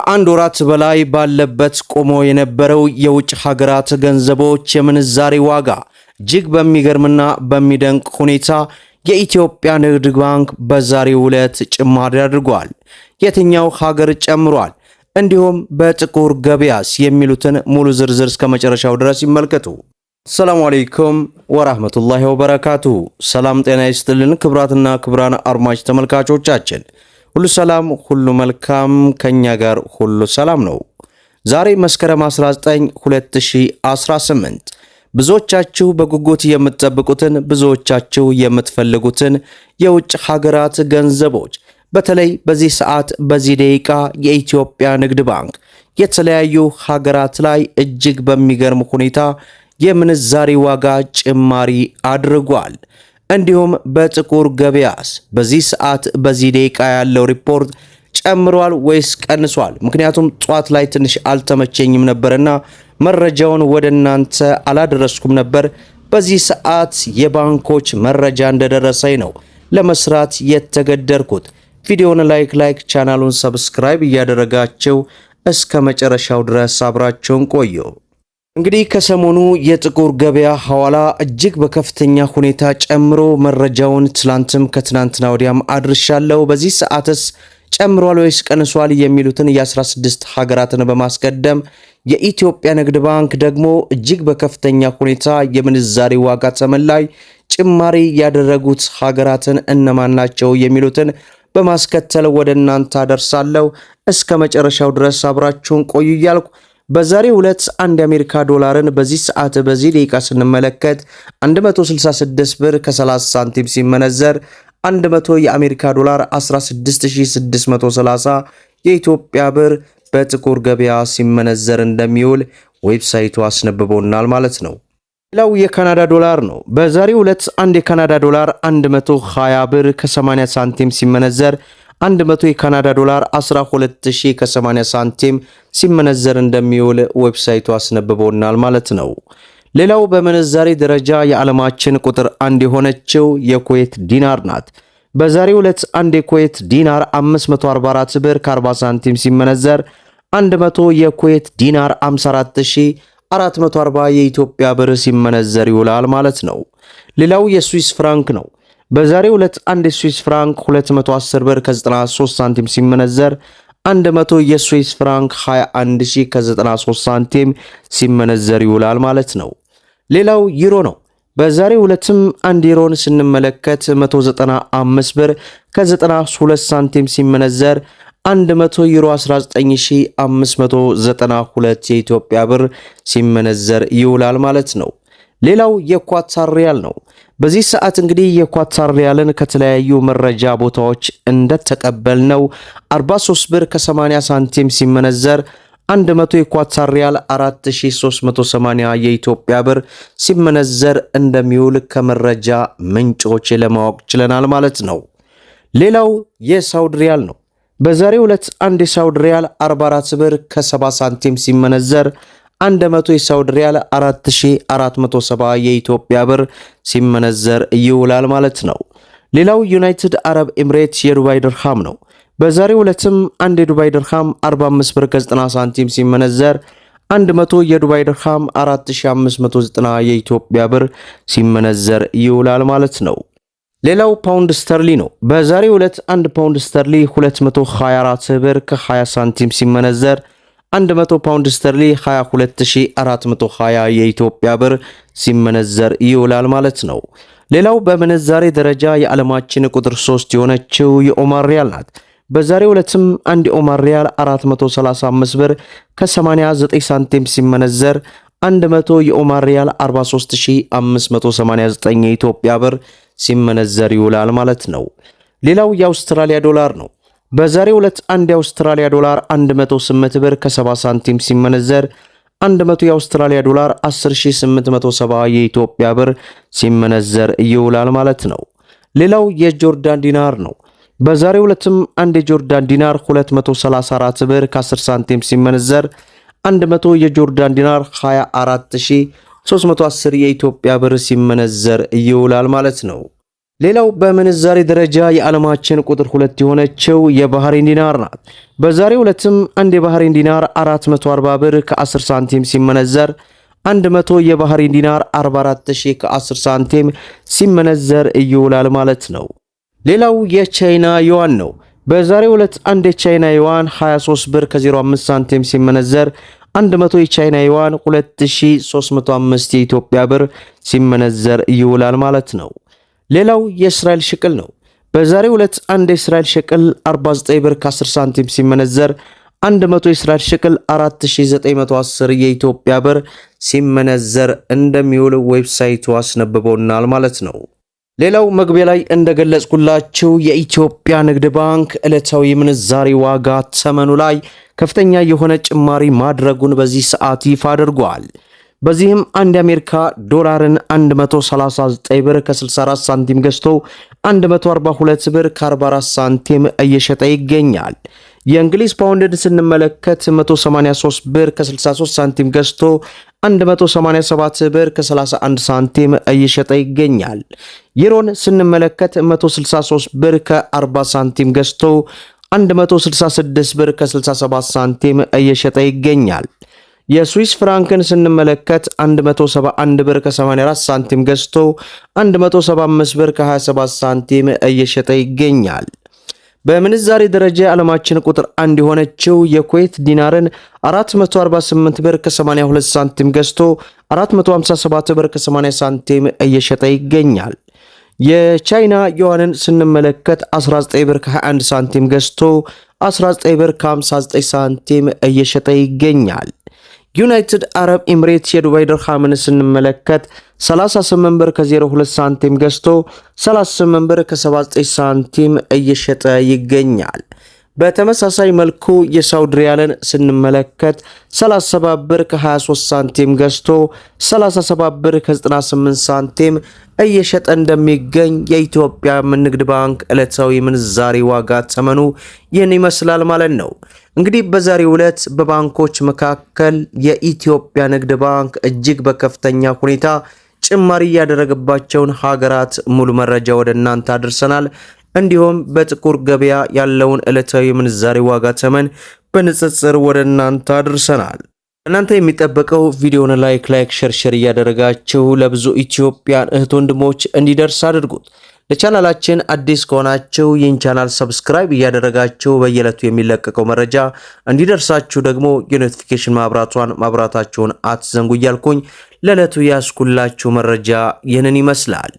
ከአንድ ወራት በላይ ባለበት ቆሞ የነበረው የውጭ ሀገራት ገንዘቦች የምንዛሬ ዋጋ እጅግ በሚገርምና በሚደንቅ ሁኔታ የኢትዮጵያ ንግድ ባንክ በዛሬው ዕለት ጭማሪ አድርጓል። የትኛው ሀገር ጨምሯል፣ እንዲሁም በጥቁር ገበያስ የሚሉትን ሙሉ ዝርዝር እስከ መጨረሻው ድረስ ይመልከቱ። ሰላም አለይኩም ወራህመቱላሂ ወበረካቱ። ሰላም ጤና ይስጥልን ክብራትና ክብራን አድማጭ ተመልካቾቻችን ሁሉ ሰላም፣ ሁሉ መልካም፣ ከኛ ጋር ሁሉ ሰላም ነው። ዛሬ መስከረም 19 2018 ብዙዎቻችሁ በጉጉት የምትጠብቁትን ብዙዎቻችሁ የምትፈልጉትን የውጭ ሀገራት ገንዘቦች በተለይ በዚህ ሰዓት በዚህ ደቂቃ የኢትዮጵያ ንግድ ባንክ የተለያዩ ሀገራት ላይ እጅግ በሚገርም ሁኔታ የምንዛሪ ዋጋ ጭማሪ አድርጓል። እንዲሁም በጥቁር ገበያስ በዚህ ሰዓት በዚህ ደቂቃ ያለው ሪፖርት ጨምሯል ወይስ ቀንሷል? ምክንያቱም ጧት ላይ ትንሽ አልተመቸኝም ነበርና መረጃውን ወደ እናንተ አላደረስኩም ነበር። በዚህ ሰዓት የባንኮች መረጃ እንደደረሰኝ ነው ለመስራት የተገደርኩት። ቪዲዮውን ላይክ ላይክ ቻናሉን ሰብስክራይብ እያደረጋቸው እስከ መጨረሻው ድረስ አብራቸውን ቆየው። እንግዲህ ከሰሞኑ የጥቁር ገበያ ሐዋላ እጅግ በከፍተኛ ሁኔታ ጨምሮ መረጃውን ትላንትም ከትናንትና ወዲያም አድርሻለሁ። በዚህ ሰዓትስ ጨምሯል ወይስ ቀንሷል የሚሉትን የ16 ሀገራትን በማስቀደም የኢትዮጵያ ንግድ ባንክ ደግሞ እጅግ በከፍተኛ ሁኔታ የምንዛሬ ዋጋ ተመን ላይ ጭማሪ ያደረጉት ሀገራትን እነማን ናቸው የሚሉትን በማስከተል ወደ እናንተ አደርሳለሁ። እስከ መጨረሻው ድረስ አብራችሁን ቆዩ እያልኩ በዛሬ ሁለት አንድ የአሜሪካ ዶላርን በዚህ ሰዓት በዚህ ደቂቃ ስንመለከት 166 ብር ከ30 ሳንቲም ሲመነዘር 100 የአሜሪካ ዶላር 16630 የኢትዮጵያ ብር በጥቁር ገበያ ሲመነዘር እንደሚውል ዌብሳይቱ አስነብቦናል ማለት ነው። ሌላው የካናዳ ዶላር ነው። በዛሬ ሁለት አንድ የካናዳ ዶላር 120 ብር ከ80 ሳንቲም ሲመነዘር 100 የካናዳ ዶላር 12000 ከ80 ሳንቲም ሲመነዘር እንደሚውል ዌብሳይቱ አስነብቦናል ማለት ነው። ሌላው በምንዛሬ ደረጃ የዓለማችን ቁጥር አንድ የሆነችው የኩዌት ዲናር ናት። በዛሬው ዕለት አንድ የኩዌት ዲናር 544 ብር ከ40 ሳንቲም ሲመነዘር 100 የኩዌት ዲናር 54440 የኢትዮጵያ ብር ሲመነዘር ይውላል ማለት ነው። ሌላው የስዊስ ፍራንክ ነው። በዛሬ ዕለት አንድ የስዊስ ፍራንክ 210 ብር ከ93 ሳንቲም ሲመነዘር 100 የስዊስ ፍራንክ 21 ሺ ከ93 ሳንቲም ሲመነዘር ይውላል ማለት ነው። ሌላው ዩሮ ነው። በዛሬ ዕለትም አንድ ዩሮን ስንመለከት 195 ብር ከ92 ሳንቲም ሲመነዘር 100 ዩሮ 19592 የኢትዮጵያ ብር ሲመነዘር ይውላል ማለት ነው። ሌላው የኳታር ሪያል ነው። በዚህ ሰዓት እንግዲህ የኳታር ሪያልን ከተለያዩ መረጃ ቦታዎች እንደተቀበልነው 43 ብር ከ80 ሳንቲም ሲመነዘር 100 የኳታር ሪያል 4380 የኢትዮጵያ ብር ሲመነዘር እንደሚውል ከመረጃ ምንጮች ለማወቅ ችለናል ማለት ነው። ሌላው የሳውዲ ሪያል ነው። በዛሬው ዕለት አንድ የሳውዲ ሪያል 44 ብር ከ70 ሳንቲም ሲመነዘር 100 የሳውዲ ሪያል 4470 የኢትዮጵያ ብር ሲመነዘር ይውላል ማለት ነው። ሌላው ዩናይትድ አረብ ኤምሬትስ የዱባይ ድርሃም ነው። በዛሬው ዕለትም አንድ የዱባይ ድርሃም 45 ብር ከ90 ሳንቲም ሲመነዘር 100 የዱባይ ድርሃም 4590 የኢትዮጵያ ብር ሲመነዘር ይውላል ማለት ነው። ሌላው ፓውንድ ስተርሊ ነው። በዛሬው ዕለት 1 ፓውንድ ስተርሊ 224 ብር ከ20 ሳንቲም ሲመነዘር 100 ፓውንድ ስተርሊ 22420 የኢትዮጵያ ብር ሲመነዘር ይውላል ማለት ነው። ሌላው በምንዛሬ ደረጃ የዓለማችን ቁጥር 3 የሆነችው የኦማር ሪያል ናት። በዛሬው ዕለትም አንድ የኦማር ሪያል 435 ብር ከ89 ሳንቲም ሲመነዘር 100 የኦማር ሪያል 43589 የኢትዮጵያ ብር ሲመነዘር ይውላል ማለት ነው። ሌላው የአውስትራሊያ ዶላር ነው። በዛሬው ዕለት አንድ የአውስትራሊያ ዶላር 108 ብር ከ70 ሳንቲም ሲመነዘር 100 የአውስትራሊያ ዶላር 10870 የኢትዮጵያ ብር ሲመነዘር ይውላል ማለት ነው። ሌላው የጆርዳን ዲናር ነው። በዛሬው ዕለትም አንድ የጆርዳን ዲናር 234 ብር ከ10 ሳንቲም ሲመነዘር 100 የጆርዳን ዲናር 24310 የኢትዮጵያ ብር ሲመነዘር ይውላል ማለት ነው። ሌላው በምንዛሬ ደረጃ የዓለማችን ቁጥር ሁለት የሆነችው የባህሬን ዲናር ናት። በዛሬው ዕለትም አንድ የባህሬን ዲናር 440 ብር ከ10 ሳንቲም ሲመነዘር 100 የባህሬን ዲናር 44000 ከ10 ሳንቲም ሲመነዘር ይውላል ማለት ነው። ሌላው የቻይና ዩዋን ነው። በዛሬው ዕለት አንድ የቻይና ዩዋን 23 ብር ከ05 ሳንቲም ሲመነዘር 100 የቻይና ዩዋን 2305 የኢትዮጵያ ብር ሲመነዘር ይውላል ማለት ነው። ሌላው የእስራኤል ሽቅል ነው። በዛሬ ሁለት አንድ የእስራኤል ሽቅል 49 ብር ከ10 ሳንቲም ሲመነዘር 100 የእስራኤል ሽቅል 4910 የኢትዮጵያ ብር ሲመነዘር እንደሚውል ዌብሳይቱ አስነብቦናል ማለት ነው። ሌላው መግቢያ ላይ እንደገለጽኩላችሁ የኢትዮጵያ ንግድ ባንክ ዕለታዊ ምንዛሪ ዋጋ ተመኑ ላይ ከፍተኛ የሆነ ጭማሪ ማድረጉን በዚህ ሰዓት ይፋ አድርጓል። በዚህም አንድ የአሜሪካ ዶላርን 139 ብር ከ64 ሳንቲም ገዝቶ 142 ብር ከ44 ሳንቲም እየሸጠ ይገኛል። የእንግሊዝ ፓውንድን ስንመለከት 183 ብር ከ63 ሳንቲም ገዝቶ 187 ብር ከ31 ሳንቲም እየሸጠ ይገኛል። ዩሮን ስንመለከት 163 ብር ከ40 ሳንቲም ገዝቶ 166 ብር ከ67 ሳንቲም እየሸጠ ይገኛል። የስዊስ ፍራንክን ስንመለከት 171 ብር ከ84 ሳንቲም ገዝቶ 175 ብር ከ27 ሳንቲም እየሸጠ ይገኛል። በምንዛሬ ደረጃ የዓለማችን ቁጥር አንድ የሆነችው የኩዌት ዲናርን 448 ብር ከ82 ሳንቲም ገዝቶ 457 ብር ከ80 ሳንቲም እየሸጠ ይገኛል። የቻይና ዩዋንን ስንመለከት 19 ብር ከ21 ሳንቲም ገዝቶ 19 ብር ከ59 ሳንቲም እየሸጠ ይገኛል። ዩናይትድ አረብ ኤምሬትስ የዱባይ ድርሃምን ስንመለከት 38 ብር ከ02 ሳንቲም ገዝቶ 38 ብር ከ79 ሳንቲም እየሸጠ ይገኛል። በተመሳሳይ መልኩ የሳውዲ ሪያልን ስንመለከት 37 ብር ከ23 ሳንቲም ገዝቶ 37 ብር ከ98 ሳንቲም እየሸጠ እንደሚገኝ የኢትዮጵያ ንግድ ባንክ ዕለታዊ ምንዛሬ ዋጋ ተመኑ ይህን ይመስላል ማለት ነው። እንግዲህ በዛሬው ዕለት በባንኮች መካከል የኢትዮጵያ ንግድ ባንክ እጅግ በከፍተኛ ሁኔታ ጭማሪ እያደረገባቸውን ሀገራት ሙሉ መረጃ ወደ እናንተ አድርሰናል። እንዲሁም በጥቁር ገበያ ያለውን ዕለታዊ ምንዛሬ ዋጋ ተመን በንጽጽር ወደ እናንተ አድርሰናል። እናንተ የሚጠበቀው ቪዲዮን ላይክ ላይክ ሸርሸር እያደረጋችሁ ለብዙ ኢትዮጵያን እህት ወንድሞች እንዲደርስ አድርጉት። ለቻናላችን አዲስ ከሆናችሁ ይህን ቻናል ሰብስክራይብ እያደረጋችሁ በየዕለቱ የሚለቀቀው መረጃ እንዲደርሳችሁ ደግሞ የኖቲፊኬሽን ማብራቷን ማብራታችሁን አትዘንጉ እያልኩኝ ለዕለቱ ያስኩላችሁ መረጃ ይህንን ይመስላል።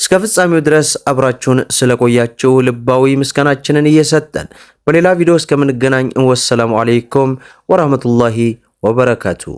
እስከ ፍጻሜው ድረስ አብራችሁን ስለቆያችሁ ልባዊ ምስጋናችንን እየሰጠን በሌላ ቪዲዮ እስከምንገናኝ ወሰላሙ አሌይኩም ወራህመቱላሂ ወበረካቱሁ።